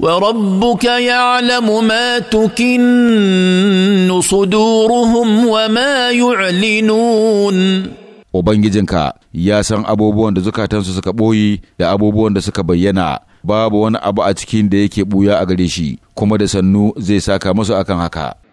وربك يعلم ما تكن صدورهم وما يعلنون Ubangijinka ya san abubuwan da zukatansu suka ɓoyi da abubuwan da suka bayyana babu wani abu a cikin da yake ɓuya a gare shi kuma da sannu zai saka musu akan haka.